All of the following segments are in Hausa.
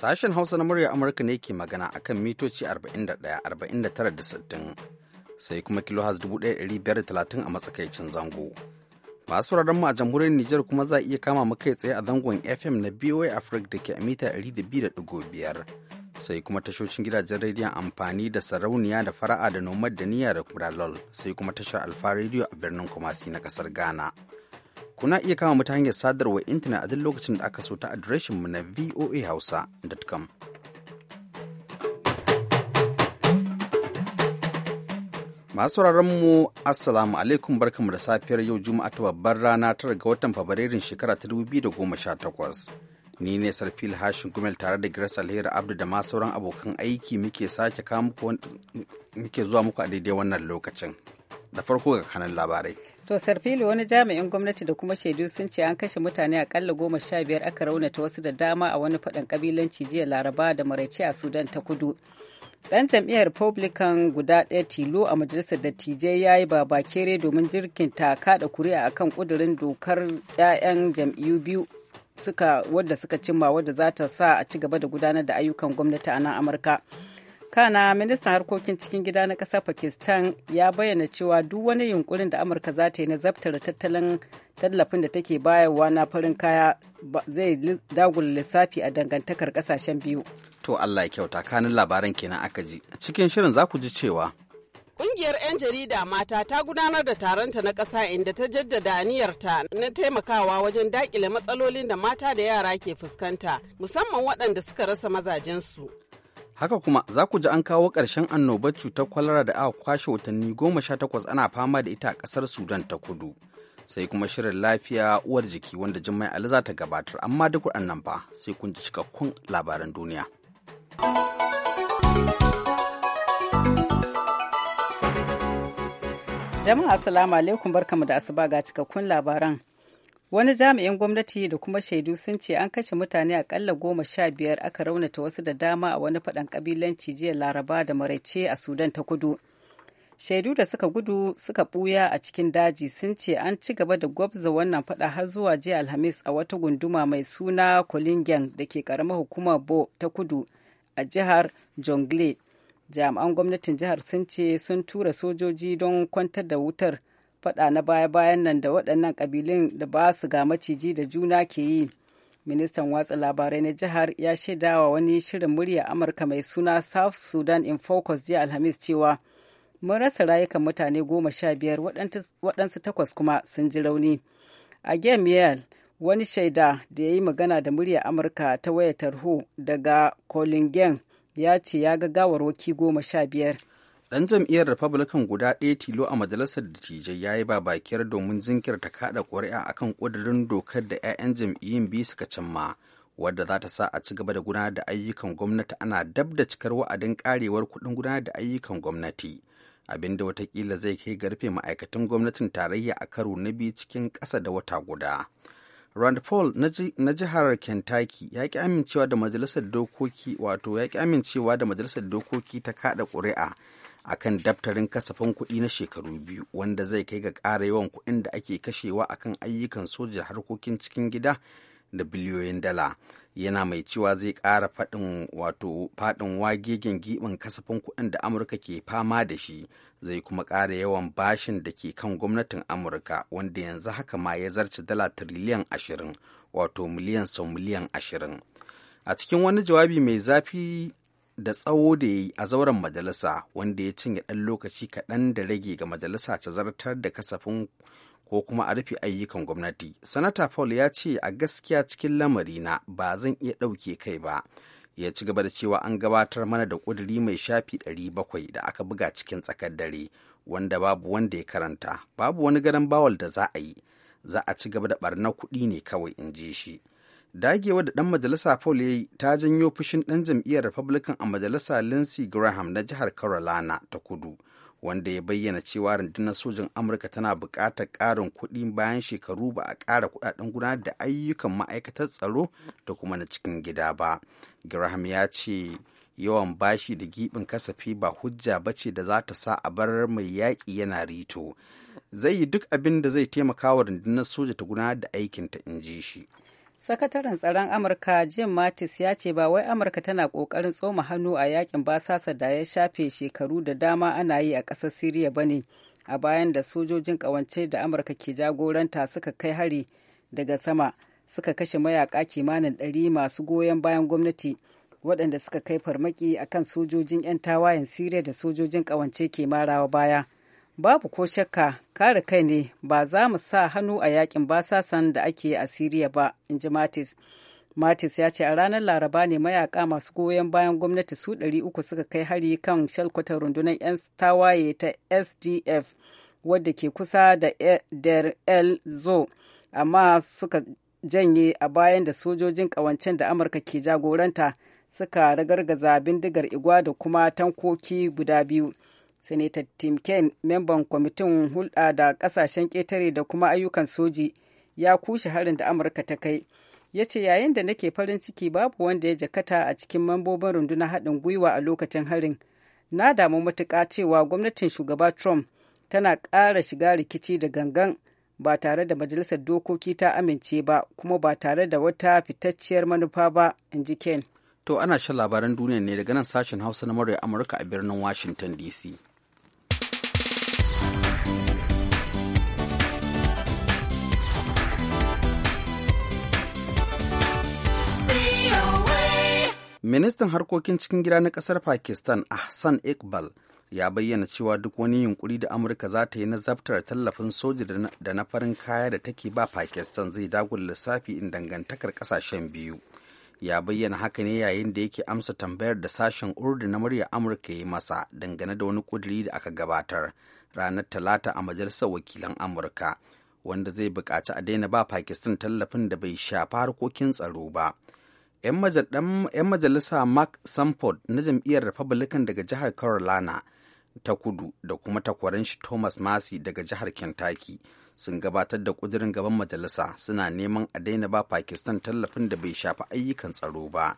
Sashen Hausa na murya Amurka ne ke magana a kan mitoci 41, 49 60 sai kuma kilohaz 1530 a matsakaicin zango. Masu wuraren mu a jamhuriyar Nijar kuma za a iya kama mu kai tsaye a zangon FM na BOA Africa da ke a mita 200.5 sai kuma tashoshin gidajen rediyon amfani da sarauniya da fara'a da nomad da niyya da kuma sai kuma tashar Alfa rediyo a birnin Kumasi na kasar Ghana. Kuna iya kama mu ta hanyar sadarwar intanet a duk lokacin da aka so ta mu na voahausa.com. Masu sauraron mu Assalamu alaikum barkanmu da safiyar yau Juma'a ta babbar rana tara ga watan Fabrairun shekara ta da goma sha-takwas Ni ne Sarfil Hashin Gumel tare da Grace Alheri Abdu da masu sauran abokan aiki muke sake muke zuwa muku a daidai wannan lokacin. da farko ga kanan labarai. To Sarfili wani jami'in gwamnati da kuma shaidu sun ce an kashe mutane akalla goma sha biyar aka raunata wasu da dama a wani faɗin kabilanci jiya Laraba da maraice a Sudan ta kudu. Ɗan jam'iyyar Republican guda ɗaya tilo a majalisar dattijai ya yi babakere domin jirkinta kaɗa kuri'a a kan ƙudurin dokar 'ya'yan jam'iyyu biyu suka wadda suka cimma wadda za ta sa a ci gaba da gudanar da ayyukan gwamnati a nan Amurka. kana ministan harkokin cikin gida na ƙasar pakistan ya bayyana cewa duk wani yunkurin da amurka za ta yi na zaftar tattalin tallafin da take bayarwa na farin kaya zai dagula lissafi a dangantakar kasashen biyu to allah ya kyauta kanin labaran kenan aka ji cikin shirin za ku ji cewa Ƙungiyar 'yan jarida mata ta gudanar da taronta na ƙasa inda ta jaddada aniyarta na taimakawa wajen daƙile matsalolin da mata da yara ke fuskanta, musamman waɗanda suka rasa mazajensu. Haka kuma za ku ji an kawo ƙarshen annobar cutar kwalara da aka kwashe watanni goma sha takwas ana fama da ita a ƙasar Sudan ta kudu. Sai kuma shirin lafiya uwar jiki wanda Jummai Ali za ta gabatar amma duk nan fa sai kun ji cikakkun labaran duniya. Jama'a assalamu alaikum barkamu da asuba ga cikakkun labaran. wani jami'in gwamnati da kuma shaidu sun ce an kashe mutane akalla goma sha biyar aka raunata wasu da dama a wani faɗan ƙabilanci jiya laraba da maraice a sudan ta kudu shaidu da suka gudu suka ɓuya a cikin daji sun ce an ci gaba da gwabza wannan faɗa har zuwa jiya alhamis a wata gunduma mai suna kolingen da ke ƙaramar hukumar bo ta kudu a jihar jongle jami'an gwamnatin jihar sun ce sun tura sojoji don kwantar da wutar faɗa na baya-bayan nan da waɗannan ƙabilun da ba su ga maciji da juna ke yi ministan watsa labarai na jihar ya shaidawa wani shirin murya amurka mai suna south sudan in focus jiya alhamis cewa mun rasa rayukan mutane goma sha biyar waɗansu takwas kuma sun ji rauni a gemiyel wani shaida da ya yi magana da murya amurka ta wayar tarho daga kolingen ya ce ya ga gawarwaki goma sha biyar dan jam'iyyar republican guda ɗaya tilo a majalisar dattijai ya yi babakiyar domin jinkirta kaɗa ƙuri'a a kan ƙudurin dokar da 'ya'yan jam'iyyun biyu suka cimma wadda za ta sa a ci gaba da gudanar da ayyukan gwamnati ana dab da cikar wa'adin karewar kuɗin gudanar da ayyukan gwamnati abin da watakila zai kai ga rufe ma'aikatan gwamnatin tarayya a karo na biyu cikin ƙasa da wata guda rand paul na jihar kentucky ya ƙi amincewa da majalisar dokoki wato ya ki amincewa da majalisar dokoki ta kaɗa ƙuri'a a kan daftarin kasafin kuɗi na shekaru biyu wanda zai kai ga ƙara yawan kuɗin da ake kashewa a kan ayyukan soja harkokin cikin gida da biliyoyin dala yana mai cewa zai ƙara faɗin wato wagegen giɓin kasafin kuɗin da amurka ke fama da shi zai kuma ƙara yawan bashin da ke kan gwamnatin amurka wanda yanzu haka ma ya zarce dala tiriliyan ashirin wato miliyan sau miliyan ashirin a cikin wani jawabi mai zafi da tsawo da ya yi a zauren majalisa wanda ya cinye ɗan lokaci kaɗan da rage ga majalisa ta zartar da kasafin ko kuma a rufe ayyukan gwamnati. Sanata Paul ya ce a gaskiya cikin lamari na, ba zan iya ɗauke kai ba. Ya ci gaba da cewa an gabatar mana da ƙuduri mai shafi ɗari bakwai da aka buga cikin tsakar dare wanda babu wanda ya karanta, babu wani garan bawal da za a yi. Za a ci gaba da ɓarnar kuɗi ne kawai in ji shi. dagewa da dan majalisa Paul ya yi ta janyo fushin dan jam'iyyar Republican a majalisa Lindsey Graham na jihar Carolina ta kudu, wanda ya bayyana cewa rundunar sojin Amurka tana bukatar ƙarin kuɗi bayan shekaru ba a ƙara kuɗaɗen gudanar da ayyukan ma'aikatar tsaro da kuma na cikin gida ba. Graham ya ce yawan bashi da giɓin kasafi ba hujja ba ce da za ta sa a bar mai yaƙi yana rito. Zai yi duk abin da zai taimaka wa rundunar soja ta gudanar da aikinta in ji shi. sakataren tsaron amurka jim mattis ya ce ba wai amurka tana kokarin tsoma hannu a yakin basasa da ya shafe shekaru da dama ana yi a ƙasar siriya ba ne a bayan da sojojin ƙawance da amurka ke jagoranta suka kai hari daga sama suka kashe mayaka kimanin ɗari masu goyon bayan gwamnati waɗanda suka kai farmaki akan sojojin 'yan tawayen siriya da sojojin ƙawance ke marawa baya babu ko shakka kare kai ne ba za mu sa hannu a yakin basasan da ake a siriya ba in ji matis matis ya ce a ranar laraba ne mayaka masu goyon bayan gwamnati su 300 suka kai hari kan shalkwatar rundunar 'yan tawaye ta sdf wadda ke kusa da e, der el zo amma suka janye a bayan da sojojin kawancen da amurka ke jagoranta suka ragargaza bindigar igwa da kuma tankoki guda biyu Senator Tim Kaine, memban kwamitin hulɗa da ƙasashen ƙetare da kuma ayyukan soji, ya kushe harin da Amurka ta kai. Ya ce yayin da nake farin ciki babu wanda ya jakata a cikin mambobin rundunar haɗin gwiwa a lokacin harin. Na damu matuƙa cewa gwamnatin shugaba Trump tana ƙara shiga rikici da gangan ba tare da majalisar dokoki ta amince ba kuma ba tare da wata fitacciyar manufa ba, in ji To ana shan labaran duniya ne daga nan sashen Hausa na murya Amurka a birnin Washington DC. ministan harkokin cikin gida na kasar pakistan ahsan iqbal ya bayyana cewa duk wani yunkuri da amurka za ta yi na zabtar tallafin soja da na farin kaya da take ba pakistan zai dagula lissafi in dangantakar kasashen biyu ya bayyana haka ne yayin da yake amsa tambayar da sashen urdu na murya amurka ya yi masa dangane da wani kuduri da aka gabatar ranar talata a majalisar wakilan amurka wanda zai buƙaci a daina ba pakistan tallafin da bai shafa harkokin tsaro ba 'yan majalisa mark sanford na jam'iyyar republican daga jihar carolina ta kudu da kuma takwaran shi thomas masi daga jihar kentucky sun gabatar da kudirin gaban majalisa suna neman a daina ba pakistan tallafin da bai shafi ayyukan tsaro ba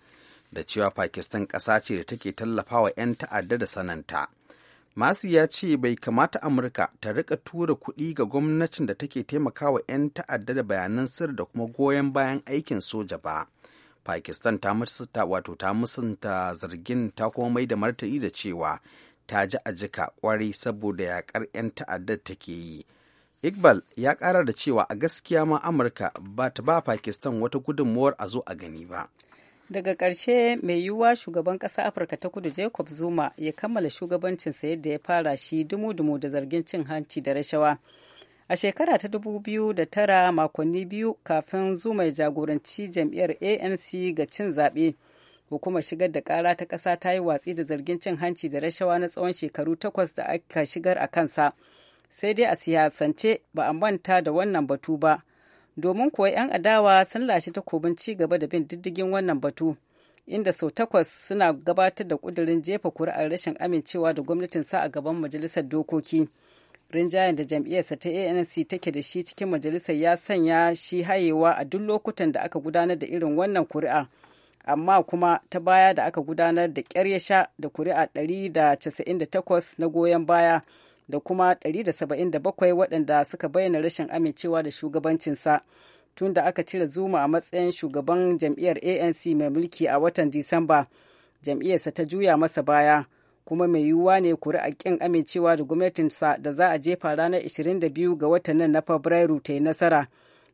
da cewa pakistan ƙasa ce da take tallafawa 'yan ta'adda da sananta masu ya ce bai kamata amurka ta rika tura kuɗi ga gwamnatin da take taimakawa 'yan ta'adda da bayanan sir da kuma goyon bayan aikin soja ba pakistan ta musanta wato ta musunta zargin ta kuma mai da martani da cewa ta ji a jika kwarai saboda yakar 'yan ta'addar take yi iqbal ya kara da cewa a gaskiya ma amurka ba ta ba pakistan wata gudunmuwar a zo a gani ba daga ƙarshe mai yiwuwa shugaban ƙasa afirka ta kudu jacob zuma ya kammala shugabancinsa yadda ya fara shi dumu-dumu da zargin cin hanci da rashawa a shekara ta 2009 makonni biyu kafin zuma jagoranci jam'iyyar anc ga cin zaɓe hukumar shigar da ƙara ta ƙasa ta yi watsi da zargin cin hanci da rashawa na tsawon shekaru takwas da aka shigar a kansa sai dai a siyasance ba a manta da wannan batu ba domin kuwa 'yan adawa sun lashe takobin ci gaba da bin diddigin wannan batu inda sau takwas suna gabatar da ƙudurin jefa kuri'ar rashin amincewa da gwamnatin sa a gaban majalisar dokoki. rinjayen da jam'iyyarsa ta anc take da shi cikin majalisar ya sanya shi hayewa a duk lokutan da aka gudanar da irin wannan kuri'a amma kuma ta baya da aka gudanar da ƙyar ya sha da kuri'a 198 na goyon baya da kuma 177 waɗanda suka bayyana rashin amincewa da shugabancinsa tun da aka cire zuma a matsayin shugaban jam'iyyar anc mai mulki a watan disamba jam'iyyarsa ta juya masa baya kuma mai yiwuwa ne kuri'a ƙin amincewa da gwamnatinsa da za a jefa ranar 22 ga watan nan na fabrairu ta yi nasara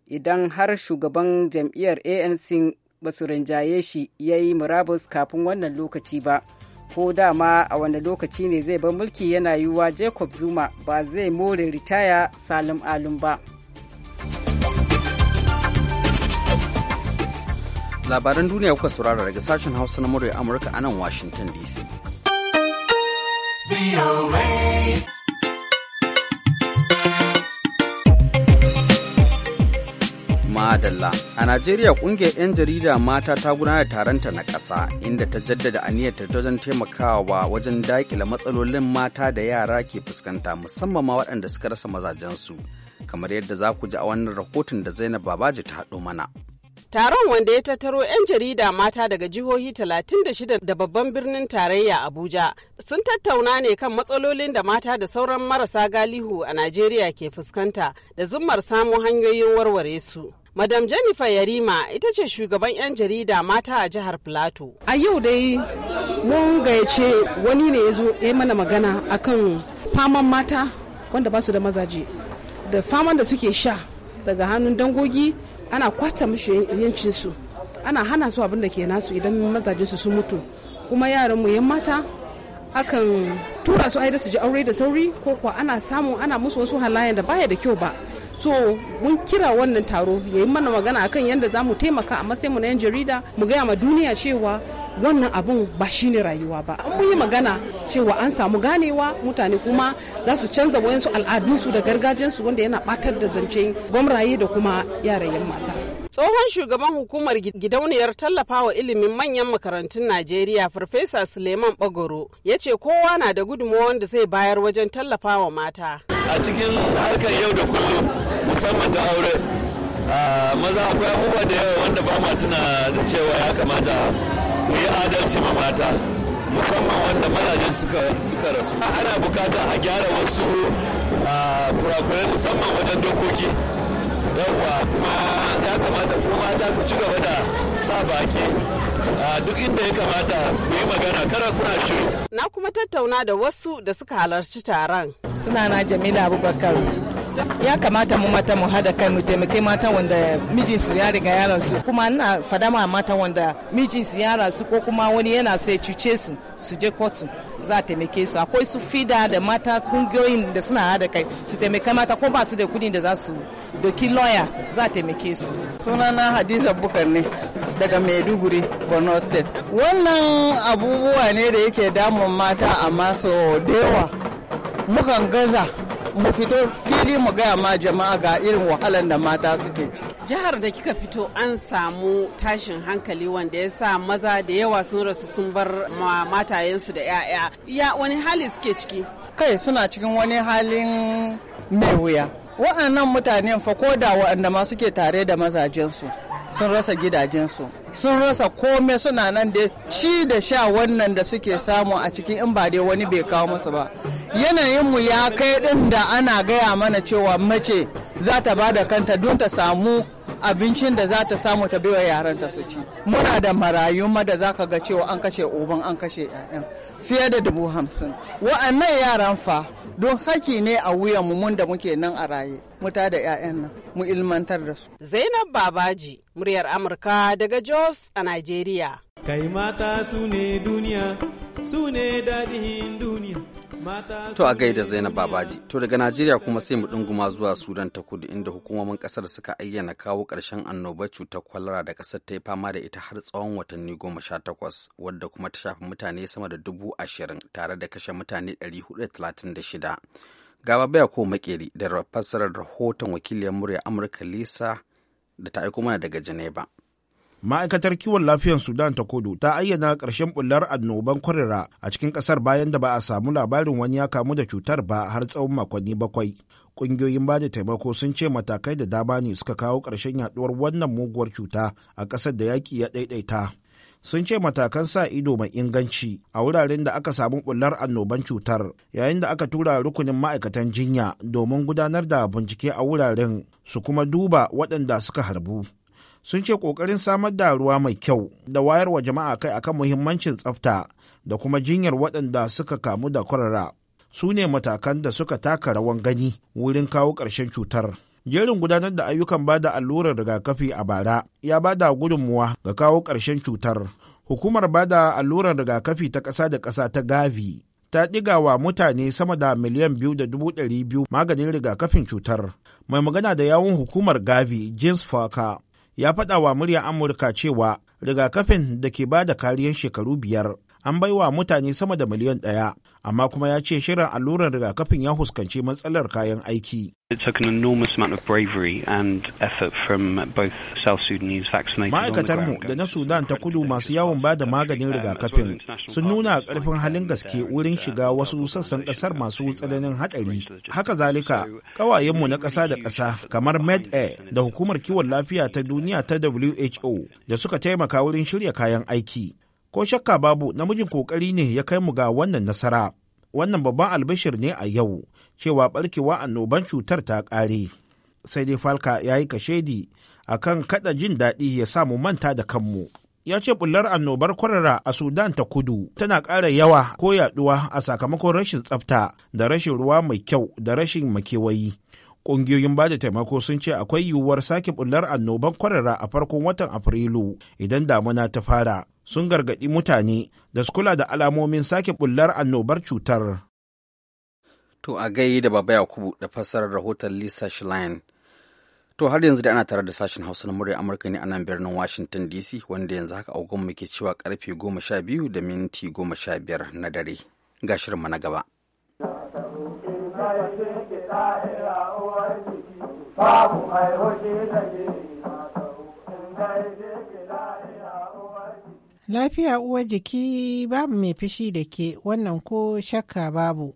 idan har shugaban jam'iyyar anc ba su rinjaye shi ya yi murabus kafin wannan lokaci ba ko dama a wani lokaci ne zai bar mulki yana yiwuwa jacob zuma ba zai more ritaya salim alum ba labaran duniya kuka saurara daga sashen hausa na murya amurka a nan washington dc Madalla a Najeriya kungiyar 'yan jarida mata ta gudanar da taronta na ƙasa inda ta jaddada aniyarta wajen taimakawa wajen daƙile matsalolin mata da yara ke fuskanta musamman ma waɗanda suka rasa mazajensu kamar yadda za ku ji a wannan rahoton da Zainab Babaji ta haɗo mana. Taron wanda ya tattaro 'yan jarida mata daga jihohi 36 da babban birnin tarayya Abuja sun tattauna ne kan matsalolin da mata da sauran marasa galihu a Najeriya ke fuskanta da zummar samo hanyoyin warware su. Madam Jennifer Yarima ita ce shugaban 'yan jarida mata a jihar plato A yau dai mun gayyace wani ne ya zo ya mana magana akan faman mata wanda ba su da mazaje da faman da suke sha daga hannun dangogi ana kwata mashi yancin su ana hana su abin da ke nasu idan mazaje su sun mutu kuma yaran mu yan mata akan tura su aida su ji aure da sauri ko kuwa ana samu ana musu wasu halayen da baya da kyau ba so mun kira wannan taro ya mana magana akan yadda za mu taimaka a matsayin mu na yan jarida mu gaya ma duniya cewa wannan abun ba shine rayuwa ba an yi magana cewa an samu ganewa mutane kuma za su canza wayansu al'adunsu da gargajiyansu wanda yana batar da zance gwamraye da kuma yarayen mata tsohon shugaban hukumar gidauniyar tallafawa ilimin manyan makarantun najeriya farfesa suleiman bagoro ya ce kowa na da gudunmawar da zai bayar wajen tallafawa mata a cikin harkar yau da kullum musamman ta aure maza akwai abubuwa da yawa wanda ba ma tuna da cewa ya kamata mu adalci ma mata musamman wanda mazajen suka rasu ana bukata a gyara wasu kurakurai musamman wajen dokoki yawwa kuma ya kamata ku mata ku ci gaba da sa baki duk inda ya kamata ku yi magana kara kuna shiru na kuma tattauna da wasu da suka halarci taron na jamila abubakar ya kamata mu mata mu hada kai mu taimake mata wanda mijinsu ya riga ya rasu kuma ina fada ma mata wanda mijinsu ya rasu ko kuma wani yana sai cuce su su je kotu za a taimake su akwai su fida da mata kungiyoyin da suna hada kai su taimake mata ko ba su da kudin da za su doki lawyer za a taimake su sunana hadiza bukar ne daga maiduguri borno state wannan abubuwa ne da yake damun mata amma so dewa mukan gaza mu fito fili mu gaya ma jama'a ga irin wahalan da mata suke ciki. Jihar da kika fito an samu tashin hankali wanda ya sa maza da yawa sun rasu sun bar matayensu da 'ya'ya. Ya wani hali suke ciki? Kai suna cikin wani halin mai wuya. Wa'annan mutanen fa ko da wa'anda ma suke tare da mazajensu sun rasa gidajensu. sun rasa komai suna nan da ci da sha wannan da suke samu a cikin in ba dai wani bai kawo masa ba Yanayin mu ya kai din da ana gaya mana cewa mace za ta ba da kanta don ta samu abincin da za ta samu ta baiwa yaran ta su ci muna da marayu ma da za ka ga cewa an kashe uban an kashe 'ya'yan fiye da dubu hamsin wa'annan yaran fa don haki ne a wuyan mu da muke nan a raye mu da 'ya'yan nan mu ilmantar da su zainab babaji muryar amurka daga jos a nigeria kai mata su ne duniya su ne daɗin duniya To a gaida Zainab Babaji, to daga Najeriya kuma sai mu ɗunguma zuwa Sudan ta kudu inda hukumomin ƙasar suka ayyana kawo ƙarshen annobar cutar kwalara da ƙasar ta yi fama da ita har tsawon watanni goma sha takwas, wadda kuma ta shafi mutane sama da dubu ashirin tare da kashe mutane ɗari hudu da talatin da shida. Gaba baya ko makeri da fassarar rahoton wakiliyar murya Amurka Lisa da ta aiko mana daga Geneva. ma'aikatar kiwon lafiyar sudan ta kudu ta ayyana ƙarshen bullar annoban kwarira a cikin ƙasar bayan da ba a samu labarin wani ya kamu da cutar ba har tsawon makonni bakwai ƙungiyoyin ba da taimako sun ce matakai da dama ne suka kawo ƙarshen yaduwar wannan muguwar cuta a ƙasar da yaƙi ya ɗaiɗaita sun ce matakan sa ido mai inganci a wuraren da aka samu bullar annoban cutar yayin da aka tura rukunin ma'aikatan jinya domin gudanar da bincike a wuraren su kuma duba waɗanda suka harbu sun ce ƙoƙarin samar da ruwa mai kyau da wayar wa jama'a kai akan muhimmancin tsafta da kuma jinyar waɗanda suka kamu da kwarara su ne matakan da suka taka rawan gani wurin kawo ƙarshen cutar. Jerin gudanar da ayyukan ba da allurar rigakafi a bara ya ba da gudunmuwa ga kawo ƙarshen cutar. Hukumar ba da allurar rigakafi ta ƙasa da ƙasa ta Gavi ta ɗiga wa mutane sama da miliyan biyu da dubu ɗari biyu maganin rigakafin cutar. Mai magana da yawun hukumar Gavi James Faka ya faɗa wa muryar Amurka cewa rigakafin da ke ba da kariyar shekaru biyar an bai wa mutane sama da miliyan ɗaya amma kuma ya ce shirin allurar rigakafin ya huskanci matsalar kayan aiki. Ma'aikatarmu da na Sudan ta kudu masu yawon ba da maganin rigakafin sun nuna ƙarfin halin gaske wurin shiga wasu sassan ƙasar masu tsananin haɗari. Haka zalika, ƙawayenmu na ƙasa da ƙasa kamar MedAir da Hukumar Kiwon Lafiya ta Duniya ta WHO da suka taimaka wurin shirya kayan aiki. ko shakka babu namijin kokari ne ya kai mu ga wannan nasara wannan babban albishir ne a yau cewa barkewa annoban cutar ta ƙare sai dai falka ya yi kashedi a kan kada jin daɗi ya samu manta da kanmu ya ce bullar annobar kwarara a sudan ta kudu tana ƙara yawa ko yaɗuwa a sakamakon rashin tsafta da rashin ruwa mai kyau da rashin makewayi ƙungiyoyin ba da taimako sun ce akwai yiwuwar sake bullar annobar kwarara a farkon watan afrilu idan damuna ta fara sun gargaɗi mutane da su kula da alamomin sake bullar annobar cutar. To a gai da Baba Yakubu da fassarar rahoton Lisa Schlein. To har yanzu da ana tare da sashen Hausa na murya Amurka ne a nan birnin Washington DC wanda yanzu haka mu ke cewa karfe goma sha biyu da minti goma sha biyar na dare. Ga shirinmu na gaba. Lafiya uwar jiki babu mai fishi da ke wannan ko shakka babu.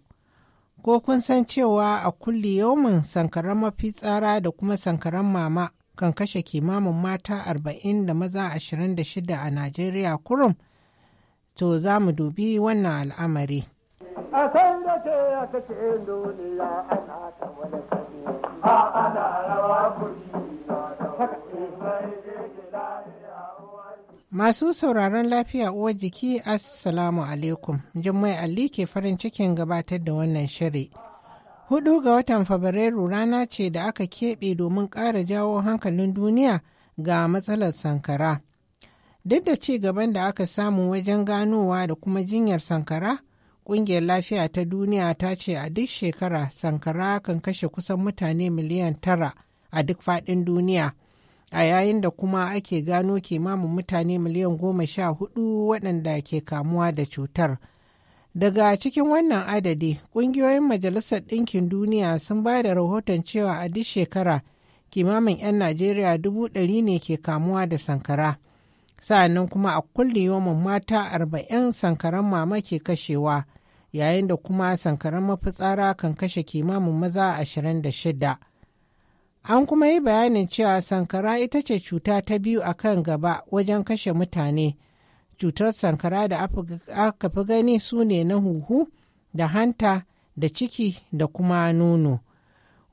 Ko kun san cewa a kulle yawon sankaran mafitsara da kuma sankaran mama kan kashe kimamin mata arba'in da maza ashirin da shida a Najeriya kurum? To za mu dubi wannan al'amari. A ana rawa Masu sauraron lafiya uwar jiki Assalamu alaikum, Jummai Ali ke farin cikin gabatar da wannan shiri. Hudu ga watan Fabrairu rana ce da aka keɓe domin ƙara jawo hankalin duniya ga matsalar sankara. Duk da ci gaban da aka samu wajen ganowa da kuma jinyar sankara, Ƙungiyar Lafiya ta Duniya ta ce a duk shekara sankara kan kashe kusan mutane miliyan tara a duk faɗin duniya. a yayin da kuma ake gano kimanin mutane miliyan goma sha hudu waɗanda ke kamuwa da cutar. Daga cikin wannan adadi, ƙungiyoyin Majalisar Ɗinkin Duniya sun ba da rahoton cewa a duk shekara kimamin 'yan Najeriya dubu ɗari ne ke kamuwa da sankara. Sa'annan kuma a kulle yawan mata arba'in sankaran mama ke kashewa, yayin da kuma sankaran mafitsara kan kashe kimamin maza ashirin da shida. An kuma yi bayanin cewa sankara ita ce cuta ta biyu a kan gaba wajen kashe mutane. Cutar sankara da aka fi gani su ne na huhu da hanta da ciki da kuma nono.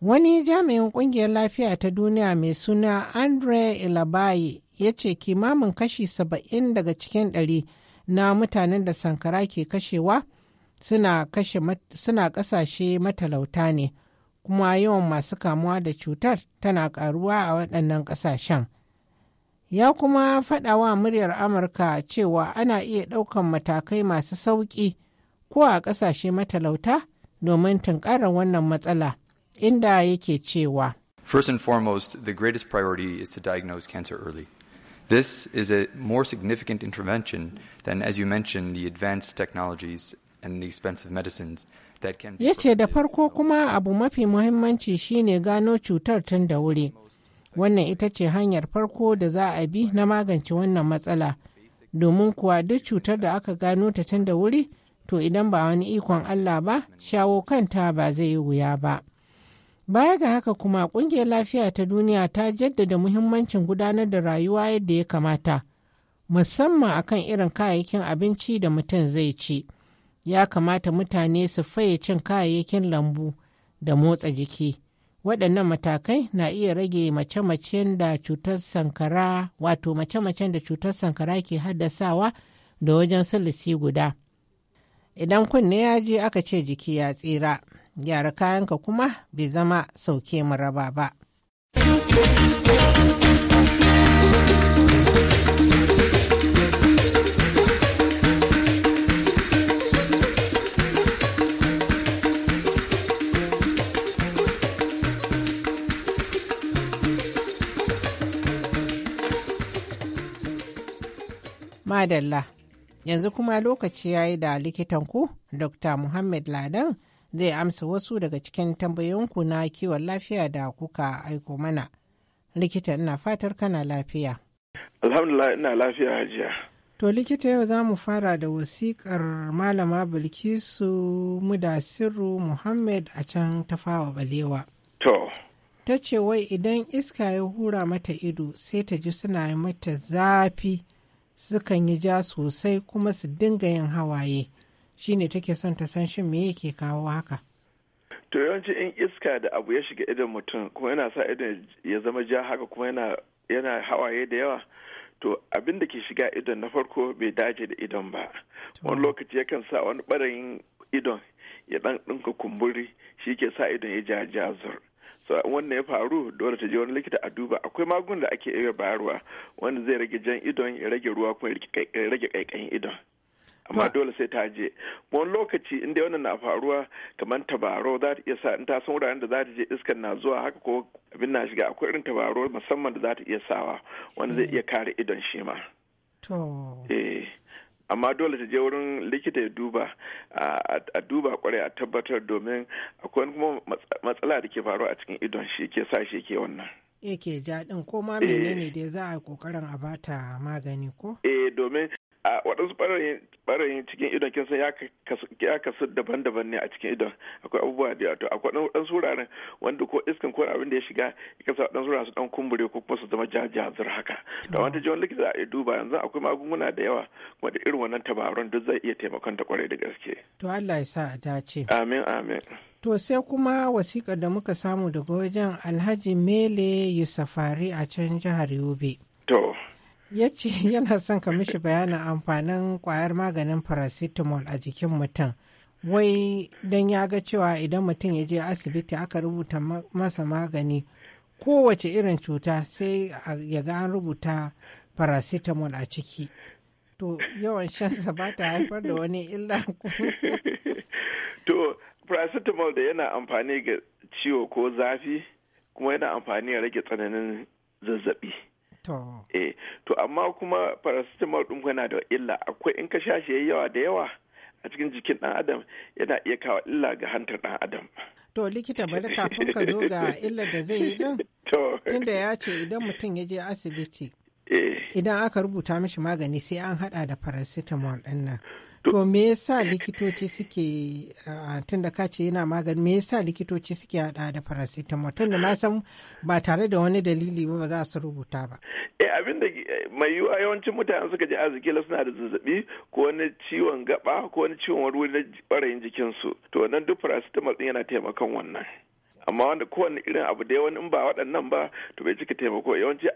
Wani jami'in ƙungiyar lafiya ta duniya mai suna Andre Ilabayi ya ce kimamin kashi saba'in daga cikin ɗari na mutanen da sankara ke kashewa suna ƙasashe matalauta ne. kuma yawan masu kamuwa da cutar tana karuwa a waɗannan ƙasashen. Ya kuma faɗa wa muryar Amurka cewa ana iya ɗaukan matakai masu sauƙi ko a ƙasashe matalauta domin tunkarar wannan matsala, inda yake cewa. First and foremost, the greatest priority is to diagnose cancer early. This is a more significant intervention than, as you mentioned, the advanced technologies Ya ce da farko kuma abu mafi muhimmanci shine gano cutar tun da wuri. Wannan ita ce hanyar farko da za a bi na magance wannan matsala. Domin kuwa duk cutar da aka gano ta tun da wuri, to idan ba wani ikon Allah ba, shawo kanta ba zai yi wuya ba. Baya ga haka kuma ƙungiyar lafiya ta duniya ta jaddada muhimmancin gudanar da rayuwa yadda ya kamata, musamman akan irin kayayyakin abinci da mutum zai ci. ya kamata mutane su faye cin kayayyakin lambu da motsa jiki waɗannan matakai na iya rage mace-macen da cutar sankara wato mace-macen da cutar sankara ke haddasawa da wajen silisi guda idan kunne ya je aka ce jiki ya tsira gyara kayanka kuma bai zama sauke mu raba ba. Madalla, yanzu kuma lokaci ya yi da likitanku, Dr. Muhammad Ladan zai amsa wasu daga cikin tambayoyinku na kiwon lafiya da kuka aiko mana. Likita ina fatar kana lafiya. Alhamdulillah ina lafiya hajiya. To likita yau za mu fara da wasiƙar Malama Bilkisu Mudasiru Muhammad a can tafawa balewa. To. Ta ce wai idan iska ya hura mata ido sai ta ji suna mata zafi. sukan yi ja sosai kuma su dinga yin hawaye shine take son ta san shin me yake kawo haka to yawanci in iska da abu ya shiga idan mutum kuma yana sa idan ya zama ja haka kuma yana hawaye da yawa to abin da ke shiga idon na farko bai dace da idon ba wani lokaci yakan sa wani barayin idon ya dan dinka kumburi shi ke sa idon ya ja jazur so wannan ya faru dole ta je wani likita a duba akwai magunguna da ake iya bayarwa wanda zai rage jan idon ya rage ruwa kuma ya rage kaikayin idon amma dole sai ta je wani lokaci inda wannan na faruwa kamar tabaro za ta iya sa in ta san wuraren da za ta je iskar na zuwa haka ko abin na shiga akwai irin tabaro musamman da za ta iya sawa wanda zai mm. iya kare idon shi ma. Eh. amma dole ta je wurin likita ya duba a duba kwarai a tabbatar domin akwai kuma matsala da ke faruwa a cikin idon shi ke sa shi ke wannan yake jaɗin ko ma menene eh. da za a kokarin a bata magani ko? Eh domin a waɗansu ɓarayin cikin idon kinsa ya kasu daban-daban ne a cikin idon akwai abubuwa da yato akwai waɗansu wuraren wanda ko iskan ko abin da ya shiga ya kasa waɗansu wuraren su ɗan kumbure ko kuma su zama jajazir haka da mm. wanda jiwon likita za a duba yanzu akwai magunguna da yawa kuma da irin wannan tabarun duk zai iya taimakon ta kwarai da gaske. to Allah ya sa a dace. amin amin. To sai kuma wasiƙar da muka samu daga wajen Alhaji Mele Yusafari a can jihar Yobe. To. ya ce yana son ka mishi bayanin amfanin kwayar maganin paracetamol a jikin mutum wai don ya ga cewa idan mutum ya je asibiti aka rubuta masa magani kowace irin cuta sai ya ga an rubuta paracetamol a ciki to yawan shansa ba ta haifar da wani illa to paracetamol da yana amfani ga ciwo ko zafi kuma yana amfani ya rage tsananin zazzabi eh to amma kuma paracetamol ɗin yana da illa akwai in ka sha shi yawa da yawa a cikin jikin ɗan adam yana iya kawo illa ga hantar ɗan adam to likita bari kafin ka zo ga illar da zai yi din tunda ya ce idan mutum ya je asibiti eh. idan aka rubuta mishi magani sai an haɗa da paracetamol ɗin nan To me yasa likitoci suke ah, tun da kace yana magani me yasa likitoci suke hada da paracetamol tun da na san ba tare da wani dalili ba za su rubuta ba. Eh abin da eh, mai yiwuwa yawancin mutane suka ji arziki suna da zazzabi ko wani ciwon gaba ko wani ciwon wuri-wuri na jikin jikinsu to nan duk paracetamol din yana taimakon wannan. amma wanda kowane irin abu da yawan in ba waɗannan ba to bai cika taimako yawanci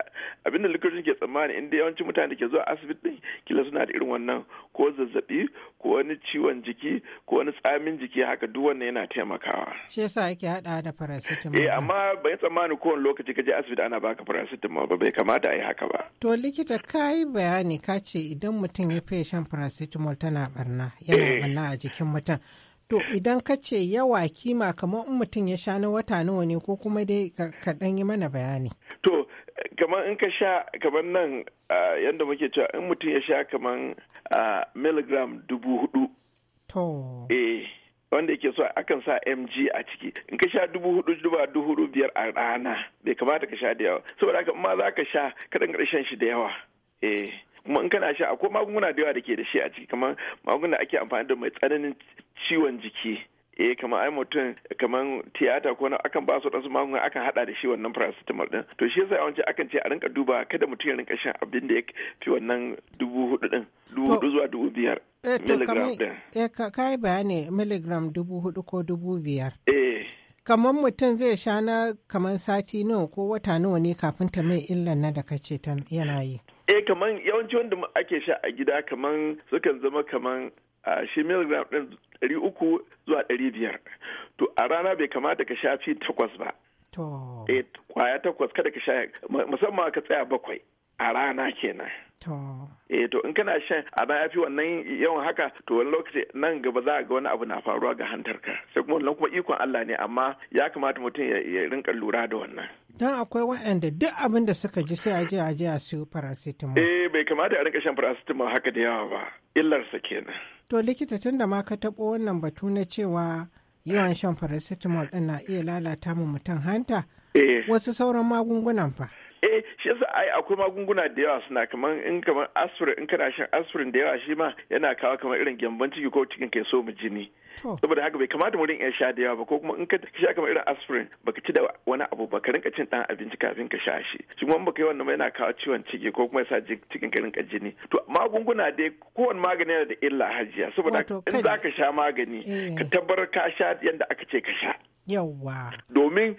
abinda likitocin ke tsammani inda yawanci mutane ke zuwa asibiti kila suna da irin wannan ko zazzabi ko wani ciwon jiki ko wani tsamin jiki haka duk wannan yana taimakawa shi yasa yake haɗa da paracetamol eh amma bai tsammani kowane lokaci kaje asibiti ana baka paracetamol ba bai kamata a yi haka ba to likita kai bayani ka ce idan mutum ya fiye shan paracetamol tana barna yana barna eh. a jikin mutum To idan ka ce yawa kima kamar in mutum ya sha na wata nawa ne ko kuma dai ka ɗan yi mana bayani. To kamar in ka sha kamar nan yadda muke cewa in mutum ya sha kamar milligram dubu hudu. To. Eh. wanda yake so akan sa mg a ciki in ka sha dubu hudu zuwa dubu hudu biyar a rana bai kamata ka sha da yawa saboda haka ma za ka sha kaɗan ƙarshen shi da yawa eh kuma in kana sha akwai magunguna da yawa da ke da shi a ciki kamar magunguna ake amfani da mai tsananin ciwon jiki eh kamar ai mutum kamar tiyata ko na akan ba su dan magunguna akan hada da shi wannan paracetamol din to shi yasa yawanci akan ce a rinka duba kada mutum ya rinka shan abin da ya fi wannan dubu hudu din dubu hudu zuwa dubu biyar eh, milligram din eh ka yi bayani milligram dubu hudu ko dubu biyar eh kamar mutum zai sha na kamar sati nawa ko wata nawa ne kafin ta mai illan na da kace ta yana yi eh kaman yawanci wanda ake sha a gida kaman sukan zama kaman a shi milligram ɗin ɗari uku zuwa ɗari biyar to a rana bai kamata ka sha fi takwas ba eh kwaya takwas kada ka sha musamman ka tsaya bakwai a rana kenan eh to in kana shan abin ya fi wannan yawan haka to wani lokaci nan gaba za a ga wani abu na faruwa ga hantarka sai kuma wannan kuma ikon Allah ne amma ya kamata mutum ya rinka lura da wannan dan akwai waɗanda duk abin da suka ji sai a je a je a siyo paracetamol eh bai kamata a rinka shan paracetamol haka da yawa ba illarsa kenan to likita tunda ma ka taɓo wannan batu na cewa yawan shan paracetamol ɗin na iya lalata mu mutum hanta eh. wasu sauran magungunan fa eh shi yasa ai akwai magunguna da yawa suna kamar in kamar aspirin in kana shan aspirin da yawa shi ma yana kawo kamar irin gyamban ciki ko cikin ke so mu jini saboda haka bai kamata wurin ya sha da yawa ba ko kuma in ka sha kamar irin aspirin baka ci da wani abu ba ka rinka cin dan abinci kafin ka sha shi shi kuma baka yi wannan yana kawo ciwon ciki ko kuma sa cikin ka rinka jini to magunguna dai kowane magani yana da illa hajiya saboda in za ka sha magani eh. ka tabbar ka sha yadda aka ce ka sha yawa domin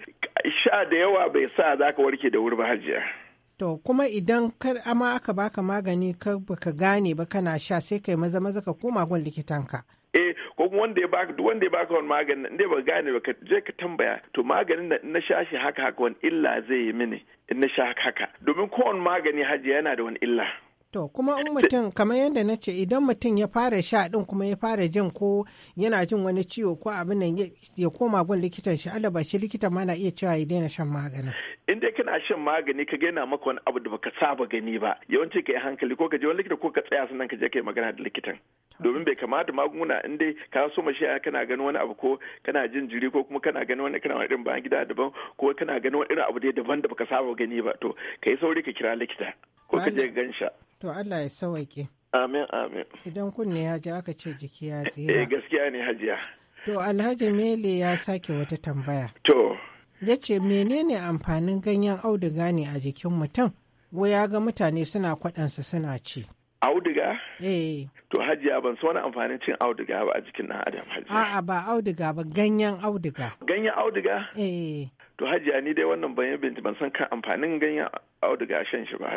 sha da yawa bai sa za ka warke da wuri ba hajiya To kuma idan kar ama aka baka magani ka baka gane ba kana sha sai kai maza maza ka koma gun likitanka. eh ko wanda ya baka duk wanda ya baka wani maganin in dai ba gane ba je ka tambaya to maganin da na sha shi haka haka wani illa zai yi mini in na sha haka domin ko wani magani hajiya yana da wani illa To kuma in mutum kamar yadda na ce idan mutum ya fara sha din kuma ya fara jin ko yana jin wani ciwo ko abin nan ya koma gun likitan shi alaba shi likita ma na iya cewa ya daina shan maganin. in dai kana shan magani ka gaina maka wani abu da baka saba gani ba yawanci ka yi hankali ko ka je wani likita ko ka tsaya sannan ka je ka yi magana da likitan domin bai kamata magunguna in dai ka so mashi kana ganin wani abu ko kana jin jiri ko kuma kana ganin wani kana wani irin bayan gida daban ko kana ganin wani irin abu dai daban da baka saba gani ba to ka yi sauri ka kira likita ko ka je ka gansha to Allah ya sawaike amin amin idan kunne ya ji aka ce jiki ya tsira eh gaskiya ne hajiya to Alhaji Mele ya sake wata tambaya to ya ce menene amfanin ganyen auduga ne a jikin mutum wai ya ga mutane suna kwaɗansa suna ci auduga eh to hajiya ban so wani amfanin cin auduga ba a jikin ɗan adam hajiya a'a ba auduga ba ganyen auduga ganyen auduga eh to hajiya ni dai wannan ban ban san kan amfanin ganyen auduga shan shi ba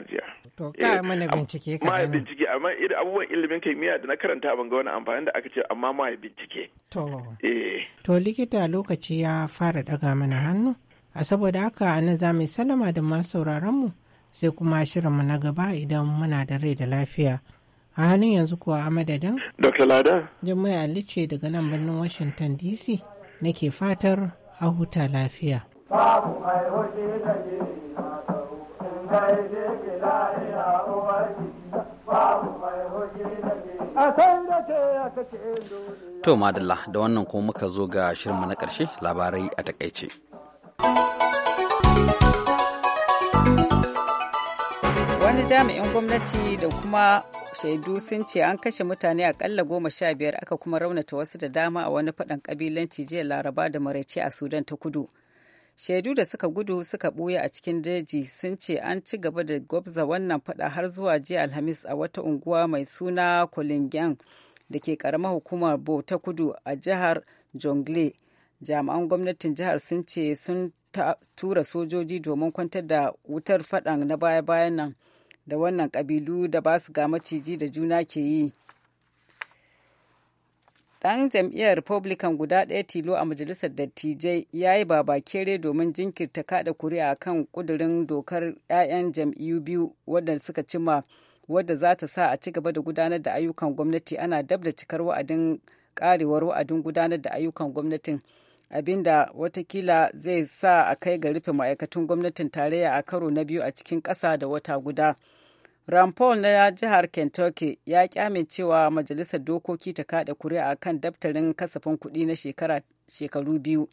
To ka eh, mana bincike ka Ma bincike amma irin abubuwan ilimin kimiyya da na karanta ban ga wani amfani da aka ce amma ma bincike. To. Eh. To likita lokaci ya fara daga mana hannu. A saboda haka a nan za mu salama da masu sauraron mu sai kuma mu na gaba idan muna da rai da lafiya. A halin yanzu kuwa a madadin? Dr. Lada. Jummai Ali ce daga nan birnin Washington DC nake fatar a huta lafiya. Babu da To Madalla da wannan kuma muka zo ga shirinmu na ƙarshe labarai a takaice. Wani jami'in gwamnati da kuma shaidu sun ce an kashe mutane akalla goma sha biyar aka kuma raunata wasu da dama a wani faɗan ƙabilanci jiya laraba da maraice a Sudan ta kudu. shaidu da suka gudu suka ɓuya a cikin daji sun ce an ci gaba da gwabza wannan fada har zuwa jiya alhamis a wata unguwa mai suna kolingyan da ke karamar hukumar bo kudu a jihar jongle jami'an gwamnatin jihar sun ce sun tura sojoji domin kwantar da wutar fadan na baya-bayan nan da wannan kabilu da ba su ga maciji da juna ke yi Ɗan jam'iyyar Republican guda ɗaya tilo a Majalisar Dattijai ya yi babakere domin jinkirta kaɗa kuri'a a kan kudurin dokar 'ya'yan jam'iyyu biyu waɗanda suka cima wadda za ta sa a ci gaba da gudanar da ayyukan gwamnati ana dab da cikar wa'adin karewar wa'adin gudanar da ayyukan gwamnatin abinda watakila zai sa a kai ga rufe ma'aikatan gwamnatin tarayya a karo na biyu a cikin ƙasa da wata guda. Ron Paul na jihar Kentucky ya kyamin cewa majalisar dokoki ta kada kuri'a kan daftarin kasafin kuɗi na shekara shekaru biyu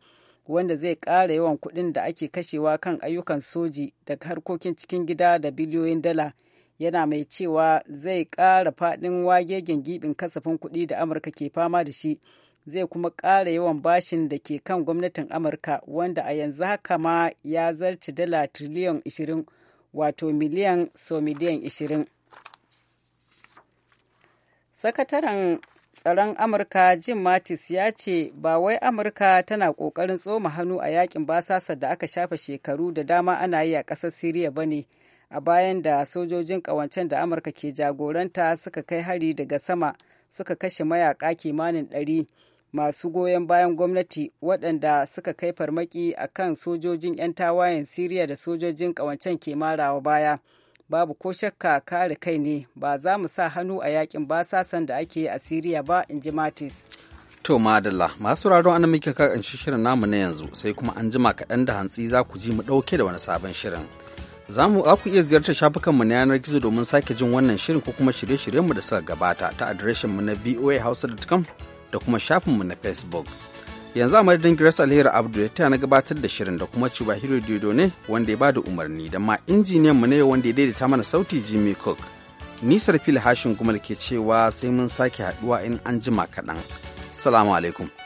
wanda zai kara yawan kuɗin da ake kashewa kan ayyukan soji da harkokin cikin gida da biliyoyin dala yana mai cewa zai ƙara faɗin wagegen gibin kasafin kuɗi da Amurka ke fama da shi zai kuma ƙara yawan bashin da ke kan gwamnatin Amurka wanda a yanzu haka ma ya zarci dala tiriliyan 20 wato miliyan so miliyan 20 sakataren tsaron amurka jim mattis ya ce ba wai amurka tana kokarin tsoma hannu a yakin basasa da aka shafe shekaru da dama ana yi a ƙasar siriya ba ne a bayan da sojojin ƙawancen da amurka ke jagoranta suka kai hari daga sama suka kashe mayaka kimanin ɗari masu goyon bayan gwamnati waɗanda suka kai farmaki a kan sojojin 'yan tawayen Siriya da sojojin ƙawancen ke marawa baya. Babu ko shakka kare kai ne ba za mu sa hannu a yakin basasan da ake a Siriya ba, in ji Matis. To madalla masu raro an muke kakan shirin namu na yanzu sai kuma an jima kaɗan da hantsi za ku ji mu ɗauke da wani sabon shirin. Za mu ku iya ziyartar shafukanmu na yanar gizo domin sake jin wannan shirin ko kuma shirye-shiryenmu da suka gabata ta adireshinmu na voahausa.com da kuma shafinmu na Facebook. Yanzu a madadin Grace Alheri Abdu ya taya na gabatar da shirin da kuma Cuba Hiro Dido ne wanda ya bada umarni da ma injiniyan mu ne wanda ya daidaita mana sauti Jimmy Cook. Ni sarfil hashin kuma da ke cewa sai mun sake haduwa in an jima kaɗan. Salamu alaikum.